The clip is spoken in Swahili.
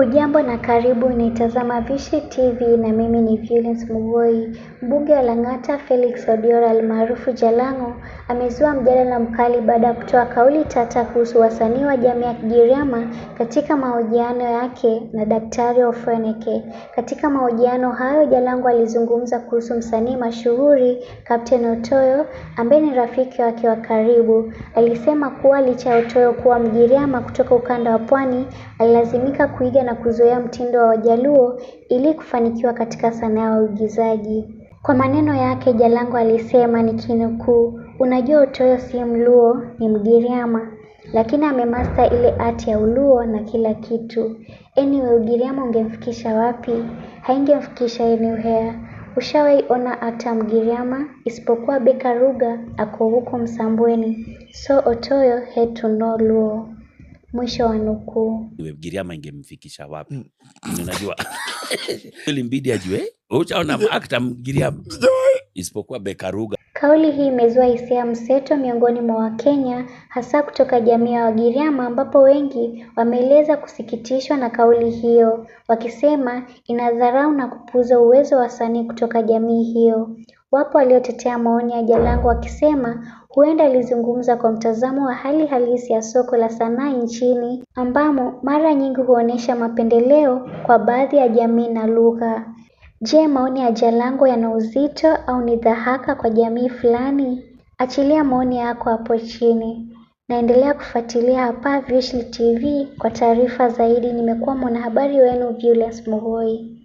Hujambo na karibu unaitazama Veushly TV na mimi ni Violence Mugoi. Mbunge wa Lang'ata Felix Odiora almaarufu Jalango amezua mjadala mkali baada ya kutoa kauli tata kuhusu wasanii wa jamii ya Kigiriama katika mahojiano yake na Daktari Ofweneke. Katika mahojiano hayo, Jalango alizungumza kuhusu msanii mashuhuri Captain Otoyo ambaye ni rafiki wake wa karibu. Alisema kuwa licha ya Otoyo kuwa Mgiriama kutoka ukanda wa Pwani, alilazimika kuiga na kuzoea mtindo wa Wajaluo ili kufanikiwa katika sanaa ya uigizaji. Kwa maneno yake, Jalango alisema nikinukuu, unajua Utoyo si Mluo ni Mgiriama, lakini amemasta ile ati ya Uluo na kila kitu. Anyway, Ugiriama ungemfikisha wapi? Haingemfikisha anywhere. Ushawahi ona ata Mgiriama isipokuwa Beka Ruga ako huko Msambweni, so Otoyo hetu no Luo. Mwisho wa nukuu. Giriama ingemfikisha wapi? Mm. Unajua ilimbidi ajue. uchaona akta Giriama isipokuwa Bekaruga. Kauli hii imezua hisia mseto miongoni mwa Wakenya hasa kutoka jamii ya Wagiriama ambapo wengi wameeleza kusikitishwa na kauli hiyo, wakisema inadharau na kupuuza uwezo wa wasanii kutoka jamii hiyo. Wapo waliotetea maoni ya Jalango wakisema Huenda alizungumza kwa mtazamo wa hali halisi ya soko la sanaa nchini ambamo mara nyingi huonesha mapendeleo kwa baadhi ya jamii na lugha. Je, maoni ya Jalango yana uzito au ni dhahaka kwa jamii fulani? Achilia maoni yako hapo chini. Naendelea kufuatilia hapa Veushly TV kwa taarifa zaidi. Nimekuwa mwanahabari wenu Viulas Mugoi.